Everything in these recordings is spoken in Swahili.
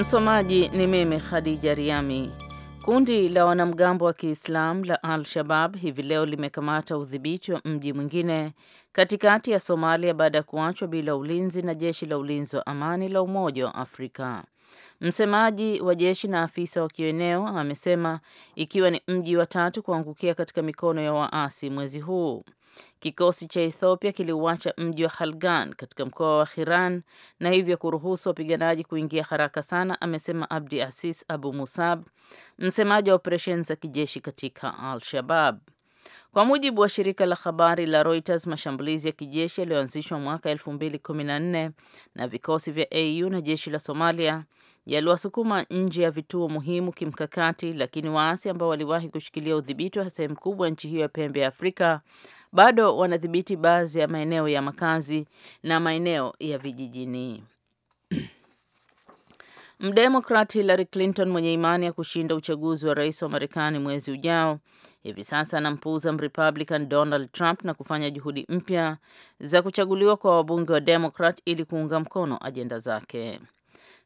Msomaji ni mimi Khadija Riami. Kundi la wanamgambo wa Kiislamu la Al-Shabab hivi leo limekamata udhibiti wa mji mwingine katikati ya Somalia baada ya kuachwa bila ulinzi na jeshi la ulinzi wa amani la Umoja wa Afrika. Msemaji wa jeshi na afisa wa kieneo amesema ikiwa ni mji wa tatu kuangukia katika mikono ya waasi mwezi huu. Kikosi cha Ethiopia kiliuacha mji wa Halgan katika mkoa wa Hiran na hivyo kuruhusu wapiganaji kuingia haraka sana, amesema Abdi Asis Abu Musab, msemaji wa operesheni za kijeshi katika Al-Shabab. Kwa mujibu wa shirika la habari la Reuters, mashambulizi ya kijeshi yaliyoanzishwa mwaka 2014 na vikosi vya AU na jeshi la Somalia yaliwasukuma nje ya vituo muhimu kimkakati, lakini waasi ambao waliwahi kushikilia udhibiti wa sehemu kubwa nchi hiyo ya pembe ya Afrika bado wanadhibiti baadhi ya maeneo ya makazi na maeneo ya vijijini. Mdemokrat Hillary Clinton mwenye imani ya kushinda uchaguzi wa rais wa Marekani mwezi ujao hivi sasa anampuuza Mrepublican Donald Trump na kufanya juhudi mpya za kuchaguliwa kwa wabunge wa Demokrat ili kuunga mkono ajenda zake.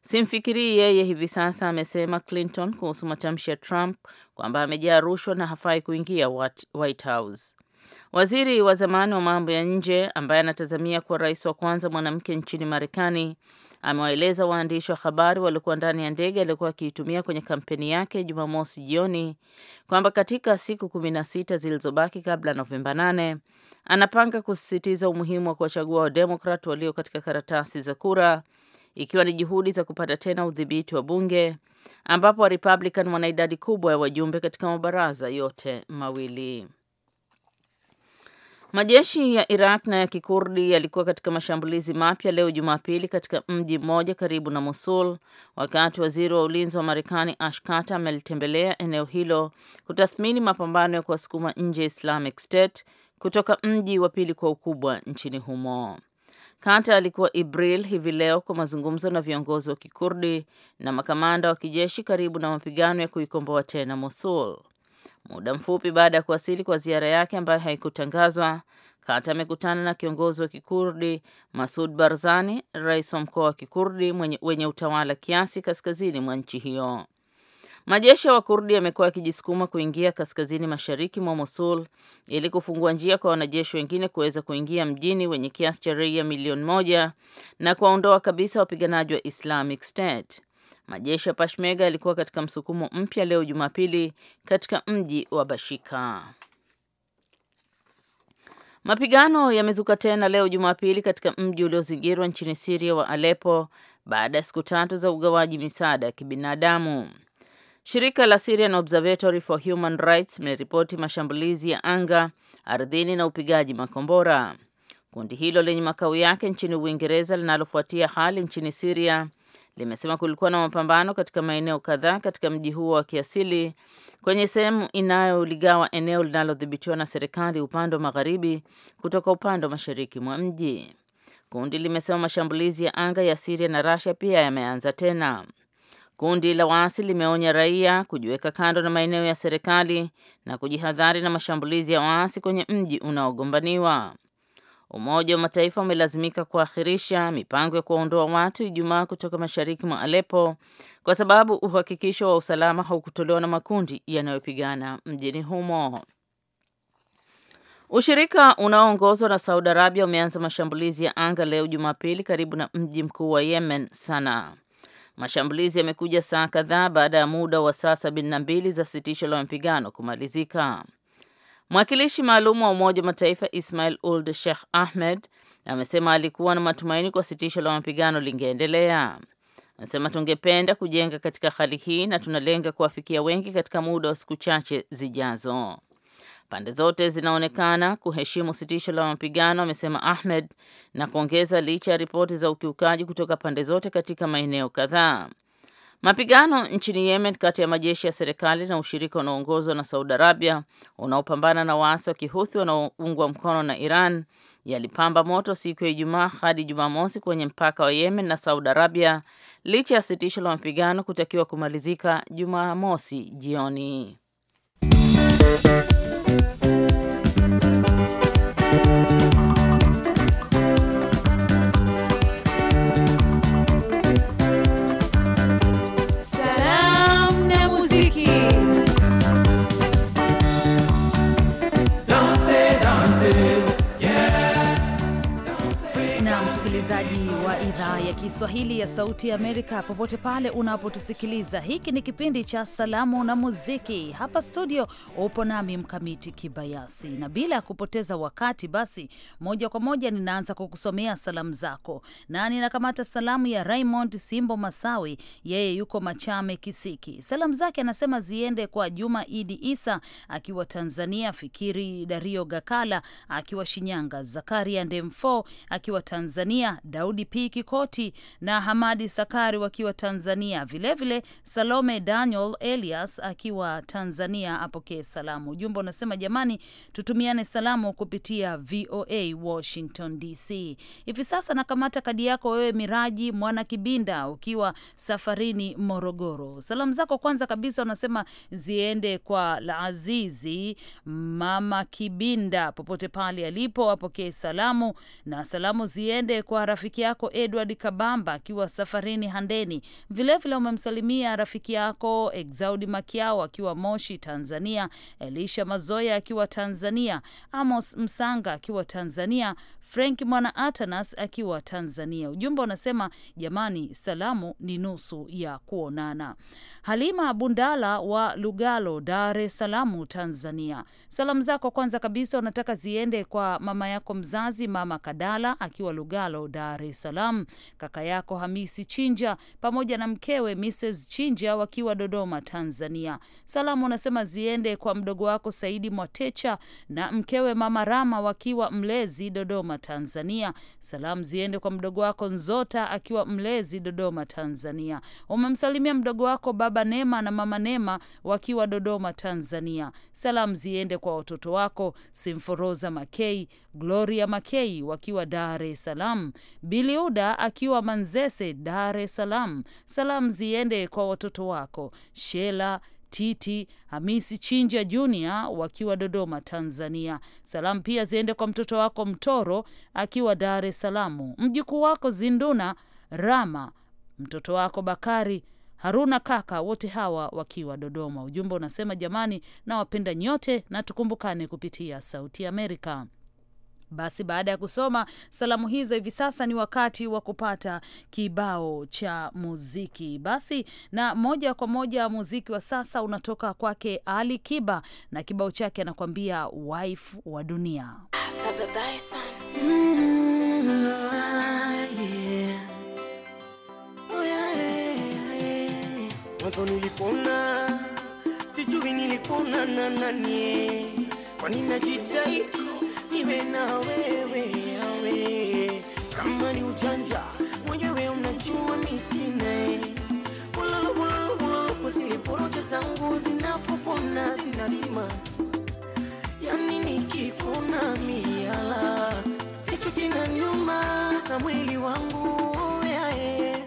Simfikirii yeye hivi sasa, amesema Clinton kuhusu matamshi ya Trump kwamba amejaa rushwa na hafai kuingia White House. Waziri wa zamani wa mambo ya nje ambaye anatazamia kuwa rais wa kwanza mwanamke nchini Marekani amewaeleza waandishi wa habari waliokuwa ndani ya ndege aliyokuwa akiitumia kwenye kampeni yake Jumamosi jioni kwamba katika siku kumi na sita zilizobaki kabla Novemba 8 anapanga kusisitiza umuhimu wa kuwachagua Wademokrat walio katika karatasi za kura ikiwa ni juhudi za kupata tena udhibiti wa bunge ambapo Warepublican wana idadi kubwa ya wajumbe katika mabaraza yote mawili. Majeshi ya Iraq na ya Kikurdi yalikuwa katika mashambulizi mapya leo Jumapili katika mji mmoja karibu na Mosul wakati waziri wa ulinzi wa Marekani Ash Carter amelitembelea eneo hilo kutathmini mapambano ya kuwasukuma nje Islamic State kutoka mji wa pili kwa ukubwa nchini humo. Carter alikuwa Ibril hivi leo kwa mazungumzo na viongozi wa Kikurdi na makamanda wa kijeshi karibu na mapigano ya kuikomboa tena Mosul. Muda mfupi baada ya kuwasili kwa ziara yake ambayo haikutangazwa, Kata amekutana na kiongozi wa Kikurdi Masud Barzani, rais wa mkoa wa Kikurdi mwenye, wenye utawala kiasi kaskazini mwa nchi hiyo. Majeshi ya Wakurdi yamekuwa yakijisukuma kuingia kaskazini mashariki mwa Mosul ili kufungua njia kwa wanajeshi wengine kuweza kuingia mjini wenye kiasi cha raia milioni moja na kuwaondoa kabisa wapiganaji wa Islamic State. Majeshi ya Peshmerga yalikuwa katika msukumo mpya leo Jumapili katika mji wa Bashika. Mapigano yamezuka tena leo Jumapili katika mji uliozingirwa nchini Siria wa Aleppo baada ya siku tatu za ugawaji misaada ya kibinadamu. Shirika la Syrian Observatory for Human Rights limeripoti mashambulizi ya anga, ardhini na upigaji makombora. Kundi hilo lenye makao yake nchini Uingereza linalofuatia hali nchini Siria limesema kulikuwa na mapambano katika maeneo kadhaa katika mji huo wa kiasili kwenye sehemu inayoligawa eneo linalodhibitiwa na serikali upande wa magharibi kutoka upande wa mashariki mwa mji. Kundi limesema mashambulizi ya anga ya Siria na Rasia pia yameanza tena. Kundi la waasi limeonya raia kujiweka kando na maeneo ya serikali na kujihadhari na mashambulizi ya waasi kwenye mji unaogombaniwa. Umoja wa Mataifa umelazimika kuakhirisha mipango ya kuwaondoa watu Ijumaa kutoka mashariki mwa Aleppo kwa sababu uhakikisho wa usalama haukutolewa na makundi yanayopigana mjini humo. Ushirika unaoongozwa na Saudi Arabia umeanza mashambulizi ya anga leo Jumapili karibu na mji mkuu wa Yemen, Sanaa. Mashambulizi yamekuja saa kadhaa baada ya muda wa saa mbili za sitisho la mapigano kumalizika. Mwakilishi maalum wa Umoja wa Mataifa Ismail uld Sheikh Ahmed amesema alikuwa na matumaini kwa sitisho la mapigano lingeendelea. Anasema tungependa kujenga katika hali hii na tunalenga kuwafikia wengi katika muda wa siku chache zijazo. Pande zote zinaonekana kuheshimu sitisho la mapigano, amesema Ahmed na kuongeza, licha ya ripoti za ukiukaji kutoka pande zote katika maeneo kadhaa, Mapigano nchini Yemen kati ya majeshi ya serikali na ushirika unaoongozwa na Saudi Arabia unaopambana na waasi wa Kihuthi wanaoungwa mkono na Iran yalipamba moto siku ya Ijumaa hadi Jumamosi kwenye mpaka wa Yemen na Saudi Arabia licha ya sitisho la mapigano kutakiwa kumalizika Jumamosi jioni. Kiswahili ya Sauti ya Amerika popote pale unapotusikiliza. Hiki ni kipindi cha Salamu na Muziki. Hapa studio upo nami Mkamiti Kibayasi, na bila ya kupoteza wakati, basi moja kwa moja ninaanza kukusomea salamu zako, na ninakamata salamu ya Raymond Simbo Masawi, yeye yuko Machame Kisiki. Salamu zake anasema ziende kwa Juma Idi Isa akiwa Tanzania, Fikiri Dario Gakala akiwa Shinyanga, Zakaria Ndemfo akiwa Tanzania, Daudi P Kikoti na Hamadi Sakari wakiwa Tanzania, vilevile Salome Daniel Elias akiwa Tanzania apokee salamu. Ujumbe unasema jamani, tutumiane salamu kupitia VOA Washington DC. Hivi sasa nakamata kadi yako wewe, Miraji Mwana Kibinda, ukiwa safarini Morogoro. Salamu zako kwanza kabisa unasema ziende kwa Azizi Mama Kibinda popote pale alipo apokee salamu, na salamu ziende kwa rafiki yako Edward Kab Kabamba akiwa safarini Handeni. Vilevile umemsalimia rafiki yako Exaudi Makiao akiwa Moshi, Tanzania, Elisha Mazoya akiwa Tanzania, Amos Msanga akiwa Tanzania, Frank Mwana Atanas akiwa Tanzania. Ujumbe unasema jamani, salamu ni nusu ya kuonana. Halima Bundala wa Lugalo, Dar es Salaam, Tanzania, salamu zako kwanza kabisa unataka ziende kwa mama yako mzazi, mama Kadala akiwa Lugalo, Dar es Salaam, kaka yako Hamisi Chinja pamoja na mkewe Mrs Chinja wakiwa Dodoma, Tanzania. Salamu unasema ziende kwa mdogo wako Saidi Mwatecha na mkewe mama Rama wakiwa Mlezi, Dodoma, Tanzania. Salamu ziende kwa mdogo wako Nzota akiwa Mlezi, Dodoma, Tanzania. Umemsalimia mdogo wako baba Nema na mama Nema wakiwa Dodoma, Tanzania. Salamu ziende kwa watoto wako Simforoza Makei, Gloria Makei wakiwa Dar es Salaam, Biliuda akiwa Manzese, Dar es Salaam. Salamu ziende kwa watoto wako Shela Titi Hamisi Chinja Junior wakiwa Dodoma, Tanzania. Salamu pia ziende kwa mtoto wako Mtoro akiwa Dar es Salaam, mjukuu wako Zinduna Rama, mtoto wako Bakari Haruna kaka wote hawa wakiwa Dodoma. Ujumbe unasema jamani, nawapenda nyote na tukumbukane kupitia Sauti Amerika. Basi baada ya kusoma salamu hizo, hivi sasa ni wakati wa kupata kibao cha muziki. Basi na moja kwa moja muziki wa sasa unatoka kwake Ali Kiba na kibao chake anakuambia wife wa dunia. Mwanzo nilipona sijui nilipona na nani, najitahidi niwe na wewe awe kama ni ujanja mwenyewe unajua misine ulologulologuloloku zile porojo zangu zinapopona zinazima yani nikikuna miala hicho kina nyuma na mwili wangu oweae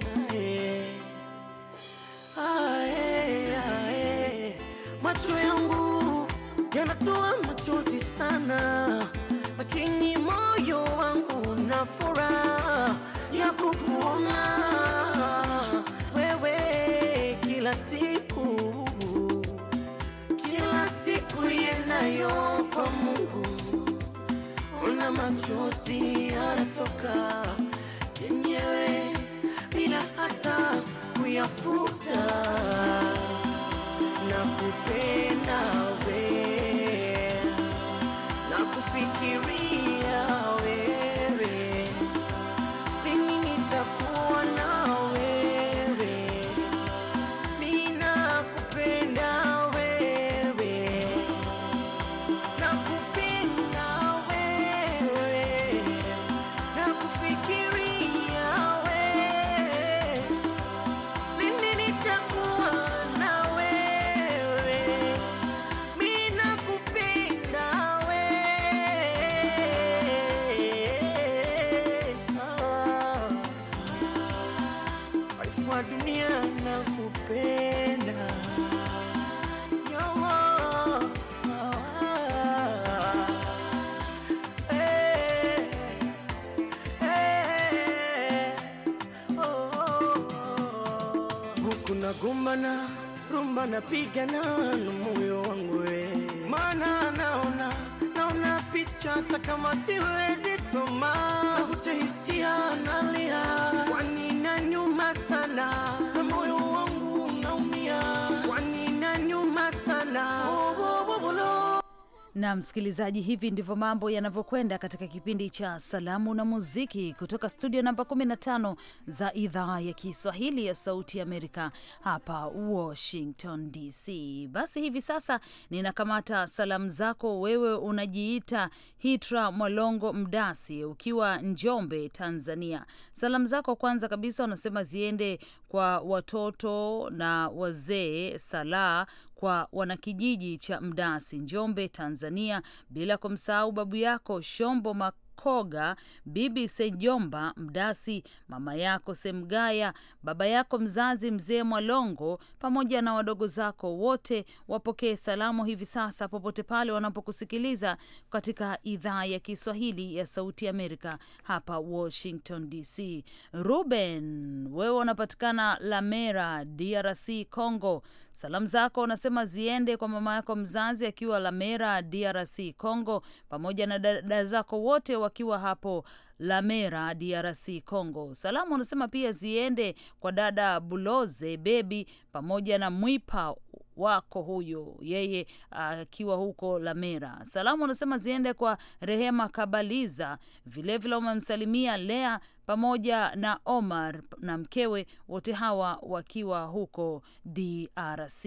hapa napigana na moyo wangu, we maana naona naona picha hata siwezi Na msikilizaji, hivi ndivyo mambo yanavyokwenda katika kipindi cha salamu na muziki kutoka studio namba 15 za idhaa ya Kiswahili ya Sauti Amerika hapa Washington DC. Basi hivi sasa ninakamata salamu zako. Wewe unajiita Hitra Mwalongo Mdasi ukiwa Njombe, Tanzania. Salamu zako kwanza kabisa unasema ziende kwa watoto na wazee Salaa kwa wanakijiji cha Mdasi, Njombe, Tanzania, bila kumsahau babu yako Shombo Mak Koga, Bibi Sejomba Mdasi, mama yako Semgaya, baba yako mzazi Mzee Mwalongo pamoja na wadogo zako wote wapokee salamu hivi sasa popote pale wanapokusikiliza katika idhaa ya Kiswahili ya Sauti Amerika hapa Washington DC. Ruben, wewe unapatikana Lamera, DRC Congo. Salamu zako unasema ziende kwa mama yako mzazi akiwa Lamera, DRC Congo, pamoja na dada zako wote wakiwa hapo Lamera, DRC Congo. Salamu unasema pia ziende kwa dada Buloze Bebi pamoja na mwipa wako huyo yeye ah, akiwa uh, huko Lamera. Salamu unasema ziende kwa Rehema Kabaliza, vilevile umemsalimia Lea pamoja na Omar na mkewe, wote hawa wakiwa huko DRC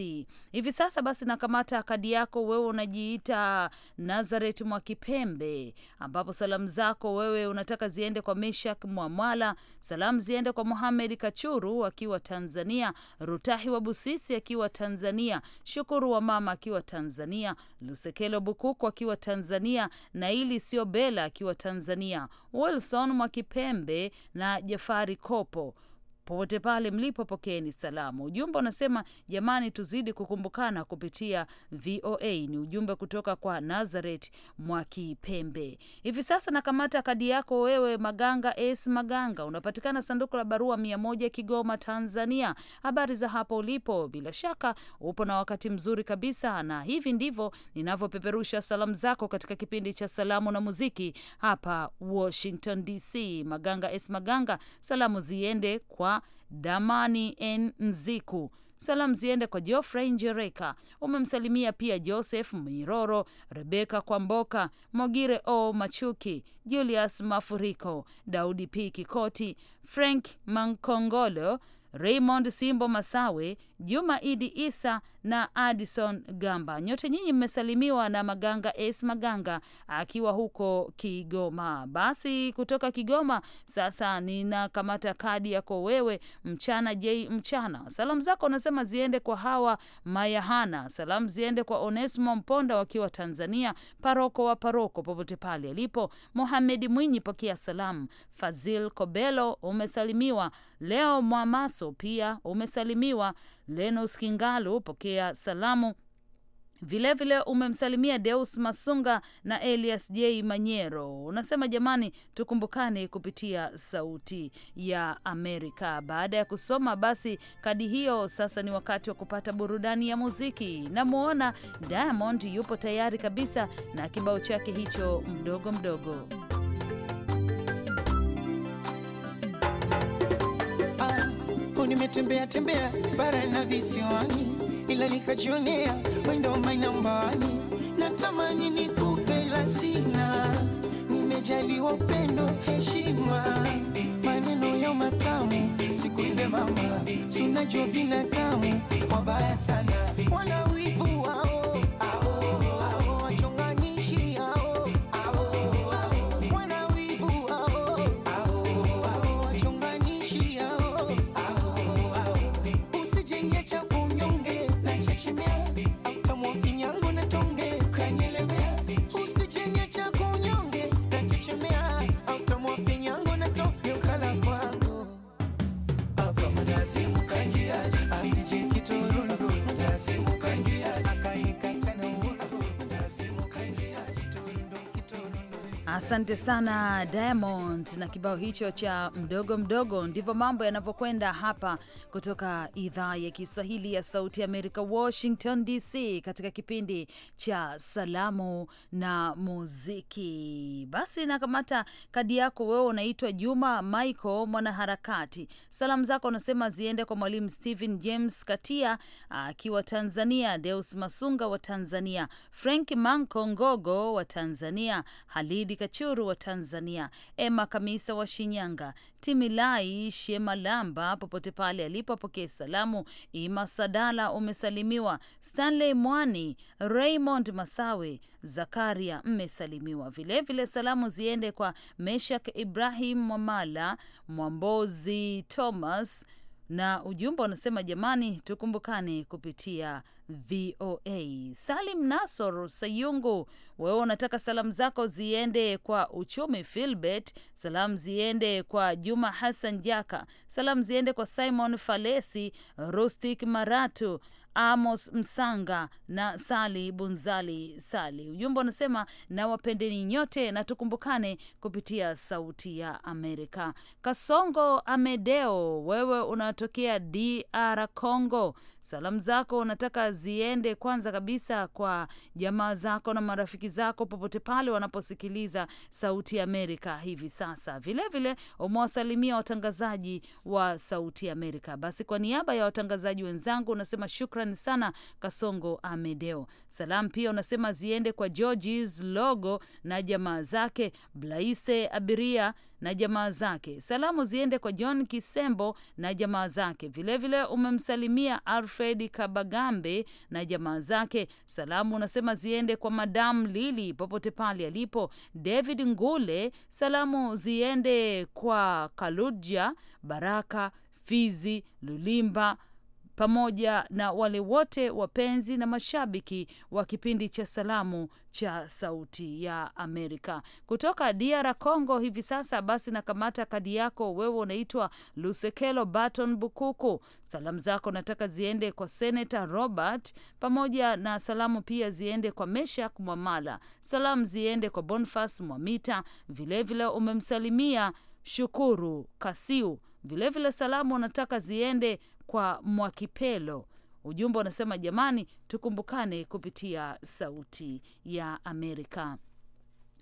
hivi sasa. Basi nakamata kadi yako wewe, unajiita Nazaret Mwakipembe, ambapo salamu zako wewe unataka ziende kwa Meshak Mwamwala, salamu ziende kwa Mohamed Kachuru akiwa Tanzania, Rutahi wa Busisi akiwa Tanzania, Shukuru wa mama akiwa Tanzania, Lusekelo Bukuku akiwa Tanzania, Naili Siobela akiwa Tanzania, Wilson Mwakipembe na Jafari Kopo Popote pale mlipo, pokeeni salamu. Ujumbe unasema jamani, tuzidi kukumbukana kupitia VOA. Ni ujumbe kutoka kwa Nazaret Mwakipembe. Hivi sasa nakamata kadi yako wewe, Maganga Es Maganga, unapatikana sanduku la barua mia moja, Kigoma, Tanzania. Habari za hapo ulipo? Bila shaka upo na wakati mzuri kabisa, na hivi ndivyo ninavyopeperusha salamu zako katika kipindi cha salamu na muziki hapa Washington DC. Maganga Es Maganga, salamu ziende kwa Damani N Nziku. Salamu ziende kwa Geoffrey Njereka, umemsalimia pia Joseph Miroro, Rebeka Kwamboka, Mogire O Machuki, Julius Mafuriko, Daudi P Kikoti, Frank Mankongolo, Raymond Simbo Masawe, Juma Idi Isa na Addison Gamba. Nyote nyinyi mmesalimiwa na Maganga Es Maganga akiwa huko Kigoma. Basi kutoka Kigoma sasa ninakamata kadi yako wewe, mchana J Mchana. Salamu zako unasema ziende kwa hawa Mayahana, salamu ziende kwa Onesmo Mponda wakiwa Tanzania, paroko wa paroko popote pale alipo. Mohamed Mwinyi, pokea salamu. Fazil Kobelo umesalimiwa, Leo Mwamaso pia umesalimiwa Lenus Kingalu pokea salamu vilevile umemsalimia Deus Masunga na Elias J Manyero. Unasema jamani, tukumbukane kupitia Sauti ya Amerika. Baada ya kusoma basi kadi hiyo, sasa ni wakati wa kupata burudani ya muziki. Namwona Diamond yupo tayari kabisa na kibao chake hicho mdogo mdogo. nimetembea tembea bara na visiwani, ila nikajionea wendo mainambani. Natamani nikupe la sina, nimejaliwa upendo, heshima, maneno ya matamu, siku ile mama, sunajua binadamu wabaya sana Wana Asante sana Diamond na kibao hicho cha mdogo mdogo. Ndivyo mambo yanavyokwenda hapa kutoka idhaa ya Kiswahili ya Sauti ya Amerika, Washington DC, katika kipindi cha Salamu na Muziki. Basi nakamata kadi yako, wewe unaitwa Juma Michael, mwanaharakati. Salamu zako unasema ziende kwa Mwalimu Stephen James Katia akiwa Tanzania, Deus Masunga wa Tanzania, Frank Manko Ngogo wa Tanzania, Halidi Kachu ushuru wa Tanzania. Emma Kamisa wa Shinyanga, Timilai Shemalamba popote pale alipo salamu. Ima Sadala umesalimiwa, Stanley Mwani, Raymond Masawe, Zakaria mmesalimiwa vilevile. Vile salamu ziende kwa Meshak Ibrahim Mwamala, Mwambozi Thomas na ujumbe unasema jamani, tukumbukane kupitia VOA. Salim Nasor Sayungu, wewe unataka salamu zako ziende kwa Uchumi Filbert, salamu ziende kwa Juma Hassan Jaka, salamu ziende kwa Simon Falesi, Rustic Maratu, Amos Msanga na Sali Bunzali Sali. Ujumbe unasema na wapendeni nyote na tukumbukane kupitia Sauti ya Amerika. Kasongo Amedeo, wewe unatokea DR Congo, Salamu zako nataka ziende kwanza kabisa kwa jamaa zako na marafiki zako popote pale wanaposikiliza Sauti ya Amerika hivi sasa. Vilevile umewasalimia watangazaji wa Sauti ya Amerika. Basi kwa niaba ya watangazaji wenzangu unasema shukrani sana Kasongo Amedeo. Salamu pia unasema ziende kwa Georges Logo na jamaa zake Blaise Abiria na jamaa zake. Salamu ziende kwa John Kisembo na jamaa zake, vilevile umemsalimia Alfred Kabagambe na jamaa zake. Salamu unasema ziende kwa Madamu Lili popote pale alipo, David Ngule. Salamu ziende kwa Kaludja Baraka Fizi Lulimba pamoja na wale wote wapenzi na mashabiki wa kipindi cha salamu cha Sauti ya Amerika kutoka DR Congo hivi sasa. Basi nakamata kadi yako wewe, unaitwa Lusekelo Baton Bukuku. Salamu zako nataka ziende kwa Senata Robert, pamoja na salamu pia ziende kwa Meshak Mwamala, salamu ziende kwa Bonfas Mwamita, vilevile umemsalimia Shukuru Kasiu vilevile salamu unataka ziende kwa Mwakipelo. Ujumbe unasema jamani, tukumbukane kupitia Sauti ya Amerika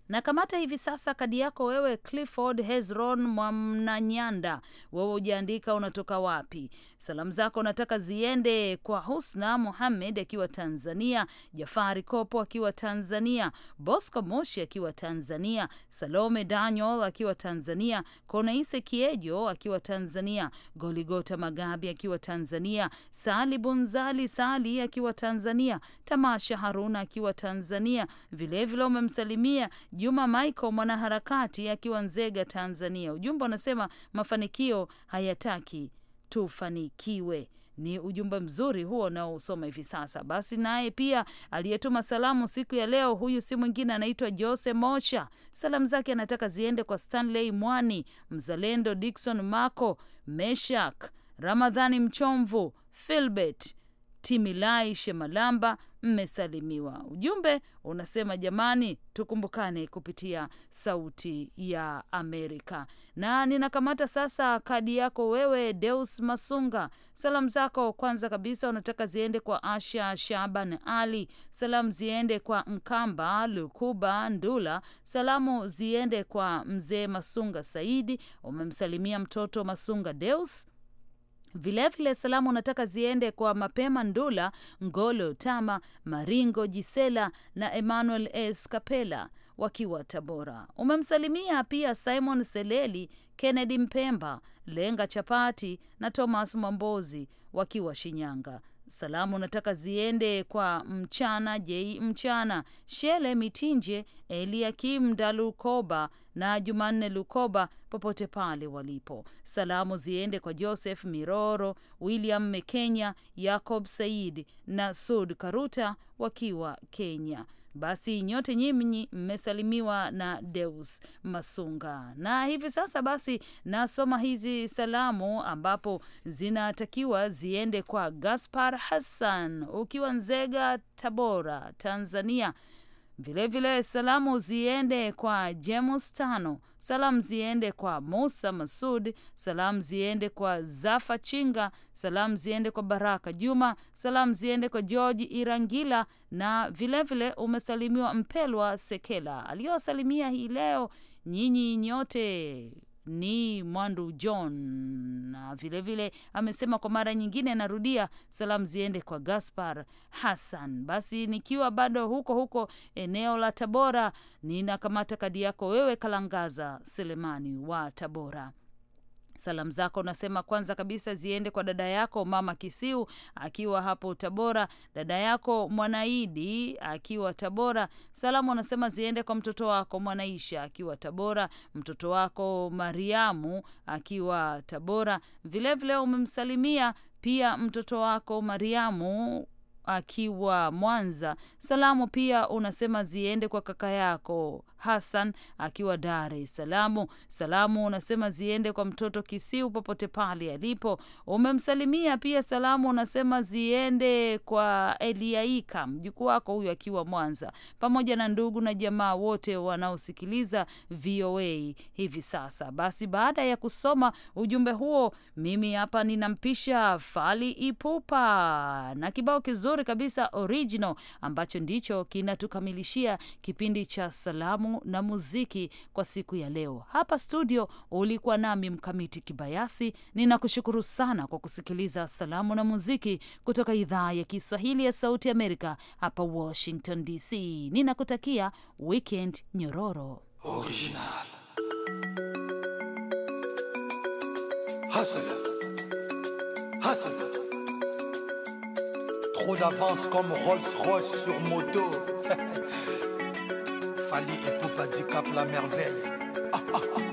na kamata hivi sasa kadi yako wewe, Clifford Hezron Mwamnanyanda, wewe ujaandika unatoka wapi? Salamu zako nataka ziende kwa Husna Mohamed akiwa Tanzania, Jafari Kopo akiwa Tanzania, Bosco Moshi akiwa Tanzania, Salome Daniel akiwa Tanzania, Konaise Kiejo akiwa Tanzania, Goligota Magabi akiwa Tanzania, Sali Bunzali Sali akiwa Tanzania, Tamasha Haruna akiwa Tanzania, vilevile umemsalimia vile Juma Michael, mwanaharakati akiwa Nzega, Tanzania, ujumbe unasema mafanikio hayataki tufanikiwe. Ni ujumbe mzuri huo unaosoma hivi sasa. Basi naye pia aliyetuma salamu siku ya leo, huyu si mwingine anaitwa Jose Mosha. Salamu zake anataka ziende kwa Stanley Mwani, Mzalendo Dikson Mako, Meshak Ramadhani, Mchomvu Filbert Timilai Shemalamba mmesalimiwa. Ujumbe unasema jamani, tukumbukane kupitia Sauti ya Amerika. Na ninakamata sasa kadi yako wewe, Deus Masunga. Salamu zako kwanza kabisa unataka ziende kwa Asha Shaban Ali, salamu ziende kwa Nkamba Lukuba Ndula, salamu ziende kwa mzee Masunga Saidi, umemsalimia mtoto Masunga Deus Vilevile salamu nataka ziende kwa Mapema Ndula, Ngolo Tama, Maringo Jisela na Emmanuel S Kapela wakiwa Tabora. Umemsalimia pia Simon Seleli, Kennedy Mpemba, Lenga Chapati na Thomas Mwambozi wakiwa Shinyanga. Salamu nataka ziende kwa Mchana Jei Mchana, Shele Mitinje, Eliakim Dalukoba na Jumanne Lukoba popote pale walipo. Salamu ziende kwa Joseph Miroro, William Mekenya, Yacob Said na Sud Karuta wakiwa Kenya. Basi nyote nyinyi mmesalimiwa na Deus Masunga, na hivi sasa basi nasoma hizi salamu ambapo zinatakiwa ziende kwa Gaspar Hassan ukiwa Nzega, Tabora, Tanzania. Vilevile salamu ziende kwa jemus Tano, salamu ziende kwa Musa Masud, salamu ziende kwa Zafa Chinga, salamu ziende kwa Baraka Juma, salamu ziende kwa George Irangila na vilevile vile umesalimiwa Mpelwa Sekela aliyowasalimia hii leo nyinyi nyote ni Mwandu John na vilevile amesema kwa mara nyingine, anarudia salamu ziende kwa Gaspar Hassan. Basi nikiwa bado huko huko eneo la Tabora, ninakamata kadi yako wewe Kalangaza Selemani wa Tabora. Salamu zako unasema kwanza kabisa ziende kwa dada yako mama Kisiu akiwa hapo Tabora, dada yako Mwanaidi akiwa Tabora. Salamu unasema ziende kwa mtoto wako Mwanaisha akiwa Tabora, mtoto wako Mariamu akiwa Tabora. Vilevile umemsalimia pia mtoto wako Mariamu akiwa Mwanza. Salamu pia unasema ziende kwa kaka yako Hassan akiwa Dar es Salaam. Salamu unasema ziende kwa mtoto Kisiu popote pale alipo. Umemsalimia pia, salamu unasema ziende kwa Eliaika mjukuu wako huyu akiwa Mwanza, pamoja na ndugu na jamaa wote wanaosikiliza VOA hivi sasa. Basi baada ya kusoma ujumbe huo, mimi hapa ninampisha Fali Ipupa na kibao kizuri kizuri kabisa original, ambacho ndicho kinatukamilishia kipindi cha salamu na muziki kwa siku ya leo. Hapa studio ulikuwa nami Mkamiti Kibayasi, ninakushukuru sana kwa kusikiliza salamu na muziki kutoka idhaa ya Kiswahili ya Sauti Amerika hapa Washington DC. Ninakutakia weekend nyororo original. Hasana. Hasana. trop d'avance comme Rolls-Royce sur moto. Fali et Poupa Cap la merveille.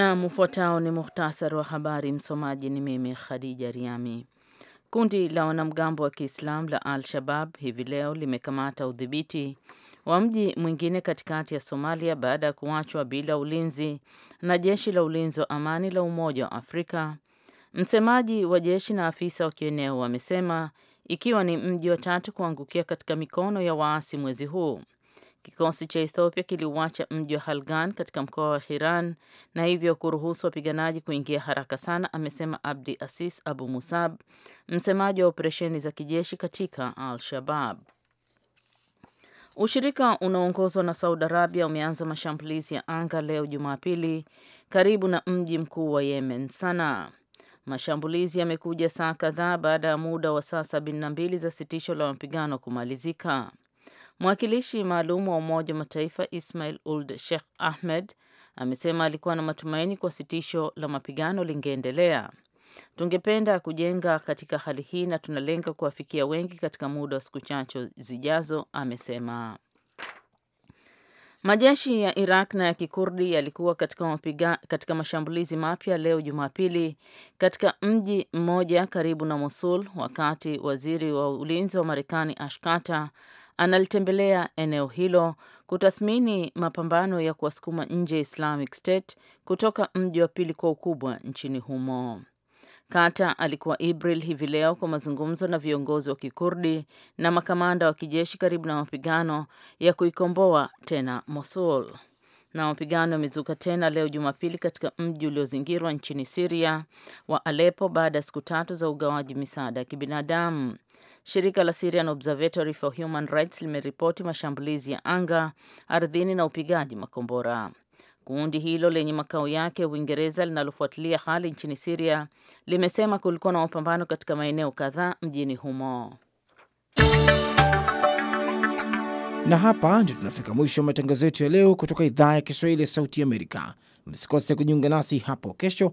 Naam, ufuatao ni muhtasari wa habari. Msomaji ni mimi Khadija Riami. Kundi la wanamgambo wa Kiislamu la Al-Shabab hivi leo limekamata udhibiti wa mji mwingine katikati ya Somalia baada ya kuachwa bila ulinzi na jeshi la ulinzi wa amani la Umoja wa Afrika. Msemaji wa jeshi na afisa wa kieneo wamesema, ikiwa ni mji wa tatu kuangukia katika mikono ya waasi mwezi huu. Kikosi cha Ethiopia kiliuacha mji wa Halgan katika mkoa wa Hiran na hivyo kuruhusu wapiganaji kuingia haraka sana, amesema Abdi Asis Abu Musab, msemaji wa operesheni za kijeshi katika Al-Shabab. Ushirika unaoongozwa na Saudi Arabia umeanza mashambulizi ya anga leo Jumapili karibu na mji mkuu wa Yemen, Sanaa. Mashambulizi yamekuja saa kadhaa baada ya muda wa saa 72 za sitisho la mapigano kumalizika. Mwakilishi maalum wa Umoja wa Mataifa Ismail Uld Sheikh Ahmed amesema alikuwa na matumaini kwa sitisho la mapigano lingeendelea. Tungependa kujenga katika hali hii na tunalenga kuwafikia wengi katika muda wa siku chache zijazo, amesema. Majeshi ya Iraq na ya Kikurdi yalikuwa katika mapiga, katika mashambulizi mapya leo Jumapili katika mji mmoja karibu na Mosul wakati waziri wa ulinzi wa Marekani Ash Carter analitembelea eneo hilo kutathmini mapambano ya kuwasukuma nje Islamic State kutoka mji wa pili kwa ukubwa nchini humo. Kata alikuwa Ibril hivi leo kwa mazungumzo na viongozi wa Kikurdi na makamanda wa kijeshi karibu na mapigano ya kuikomboa tena Mosul. Na mapigano yamezuka tena leo Jumapili katika mji uliozingirwa nchini Siria wa alepo baada ya siku tatu za ugawaji misaada ya kibinadamu. Shirika la Syrian Observatory for Human Rights limeripoti mashambulizi ya anga, ardhini na upigaji makombora. Kundi hilo lenye makao yake Uingereza linalofuatilia hali nchini siria limesema kulikuwa na mapambano katika maeneo kadhaa mjini humo. Na hapa ndio tunafika mwisho wa matangazo yetu ya leo kutoka idhaa ya Kiswahili ya Sauti Amerika. Msikose kujiunga nasi hapo kesho